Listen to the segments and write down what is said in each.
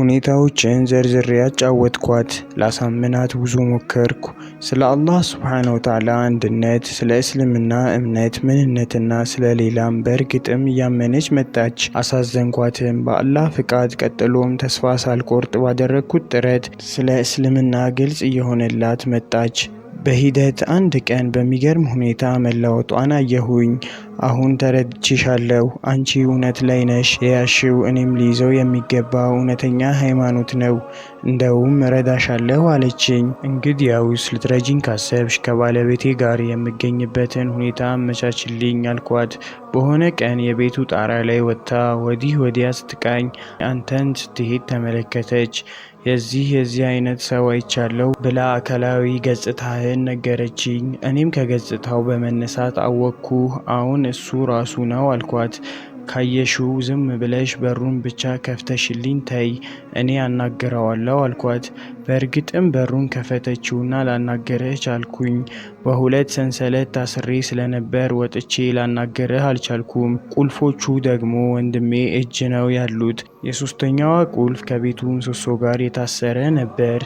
ሁኔታዎችን ዘርዝሬ ያጫወትኳት ላሳምናት ብዙ ሞከርኩ። ስለ አላህ ስብሓነ ወተዓላ አንድነት፣ ስለ እስልምና እምነት ምንነትና ስለ ሌላም በእርግጥም እያመነች መጣች። አሳዘንኳትም። በአላህ ፍቃድ ቀጥሎም ተስፋ ሳልቆርጥ ባደረግኩት ጥረት ስለ እስልምና ግልጽ እየሆነላት መጣች። በሂደት አንድ ቀን በሚገርም ሁኔታ መለወጧን አየሁኝ። አሁን ተረድቼሻለሁ። አንቺ እውነት ላይ ነሽ። የያሽው እኔም ሊይዘው የሚገባ እውነተኛ ሃይማኖት ነው። እንደውም እረዳሻለሁ አለችኝ። እንግዲያውስ ልትረጂኝ ካሰብሽ ከባለቤቴ ጋር የምገኝበትን ሁኔታ አመቻችልኝ አልኳት። በሆነ ቀን የቤቱ ጣራ ላይ ወጥታ ወዲህ ወዲያ ስትቃኝ አንተን ስትሄድ ተመለከተች። የዚህ የዚህ አይነት ሰው አይቻለሁ ብላ አካላዊ ገጽታህን ነገረችኝ። እኔም ከገጽታው በመነሳት አወቅኩ። አሁን እሱ ራሱ ነው አልኳት። ካየሽው ዝም ብለሽ በሩን ብቻ ከፍተሽልኝ ተይ፣ እኔ አናገረዋለሁ አልኳት። በእርግጥም በሩን ከፈተችውና ላናገረች ቻልኩኝ። በሁለት ሰንሰለት ታስሬ ስለነበር ወጥቼ ላናገረህ አልቻልኩም። ቁልፎቹ ደግሞ ወንድሜ እጅ ነው ያሉት። የሶስተኛዋ ቁልፍ ከቤቱ ምሰሶ ጋር የታሰረ ነበር።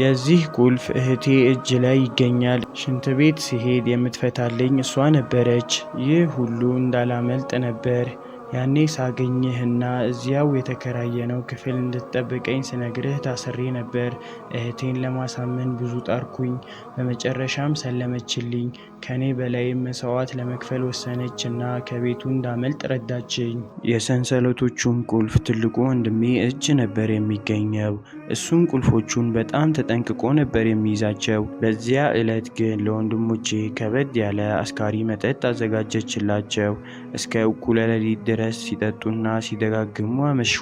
የዚህ ቁልፍ እህቴ እጅ ላይ ይገኛል። ሽንት ቤት ሲሄድ የምትፈታልኝ እሷ ነበረች። ይህ ሁሉ እንዳላመልጥ ነበር። ያኔ ሳገኝህና እዚያው የተከራየነው ክፍል እንድትጠብቀኝ ስነግርህ ታስሬ ነበር። እህቴን ለማሳመን ብዙ ጣርኩኝ። በመጨረሻም ሰለመችልኝ። ከኔ በላይም መስዋዕት ለመክፈል ወሰነች እና ከቤቱ እንዳመልጥ ረዳችኝ። የሰንሰለቶቹም ቁልፍ ትልቁ ወንድሜ እጅ ነበር የሚገኘው። እሱም ቁልፎቹን በጣም ተጠንቅቆ ነበር የሚይዛቸው። በዚያ ዕለት ግን ለወንድሞቼ ከበድ ያለ አስካሪ መጠጥ አዘጋጀችላቸው። እስከ እኩለ ሌሊት ድረስ ሲጠጡና ሲደጋግሙ አመሹ።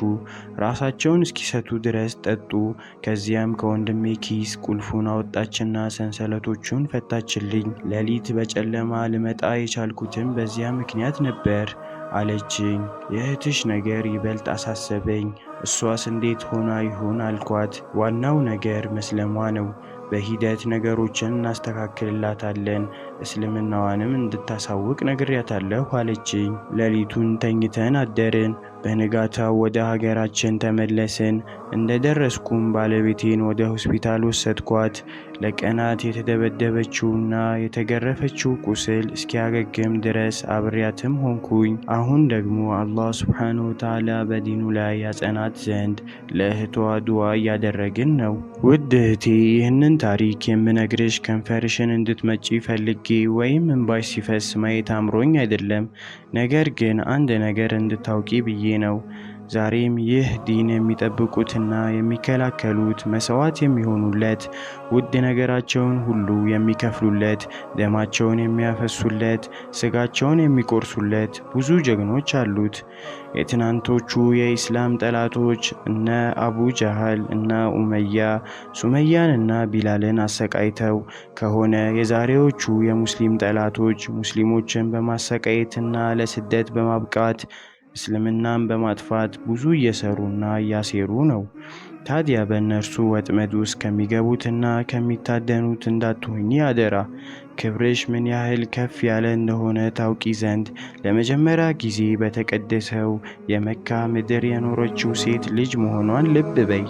ራሳቸውን እስኪሰቱ ድረስ ጠጡ። ከዚያም ከወንድሜ ኪስ ቁልፉን አወጣችና ሰንሰለቶቹን ፈታችልኝ። ሌሊት በጨለማ ልመጣ የቻልኩትም በዚያ ምክንያት ነበር። አለችኝ። የእህትሽ ነገር ይበልጥ አሳሰበኝ። እሷስ እንዴት ሆና ይሆን አልኳት። ዋናው ነገር መስለሟ ነው። በሂደት ነገሮችን እናስተካክልላታለን። እስልምናዋንም እንድታሳውቅ ነግሬያታለሁ አለችኝ። ሌሊቱን ተኝተን አደርን። በንጋታው ወደ ሀገራችን ተመለስን። እንደደረስኩም ባለቤቴን ወደ ሆስፒታል ወሰድኳት። ለቀናት የተደበደበችውና የተገረፈችው ቁስል እስኪያገግም ድረስ አብሬያትም ሆንኩኝ። አሁን ደግሞ አላህ ስብሓነ ወተዓላ በዲኑ ላይ ያጸናት ዘንድ ለእህቷ ዱዋ እያደረግን ነው። ውድ እህቴ ይህንን ታሪክ የምነግርሽ ከንፈርሽን እንድትመጪ ፈልጌ ወይም እንባሽ ሲፈስ ማየት አምሮኝ አይደለም። ነገር ግን አንድ ነገር እንድታውቂ ብዬ ብዬ ነው። ዛሬም ይህ ዲን የሚጠብቁትና የሚከላከሉት መስዋዕት የሚሆኑለት ውድ ነገራቸውን ሁሉ የሚከፍሉለት ደማቸውን የሚያፈሱለት ስጋቸውን የሚቆርሱለት ብዙ ጀግኖች አሉት። የትናንቶቹ የኢስላም ጠላቶች እነ አቡ ጃህል እና ኡመያ ሱመያንና ቢላልን አሰቃይተው ከሆነ የዛሬዎቹ የሙስሊም ጠላቶች ሙስሊሞችን በማሰቃየትና ለስደት በማብቃት እስልምናን በማጥፋት ብዙ እየሰሩና እያሴሩ ነው። ታዲያ በእነርሱ ወጥመድ ውስጥ ከሚገቡትና ከሚታደኑት እንዳትሆኝ አደራ። ክብርሽ ምን ያህል ከፍ ያለ እንደሆነ ታውቂ ዘንድ ለመጀመሪያ ጊዜ በተቀደሰው የመካ ምድር የኖረችው ሴት ልጅ መሆኗን ልብ በይ።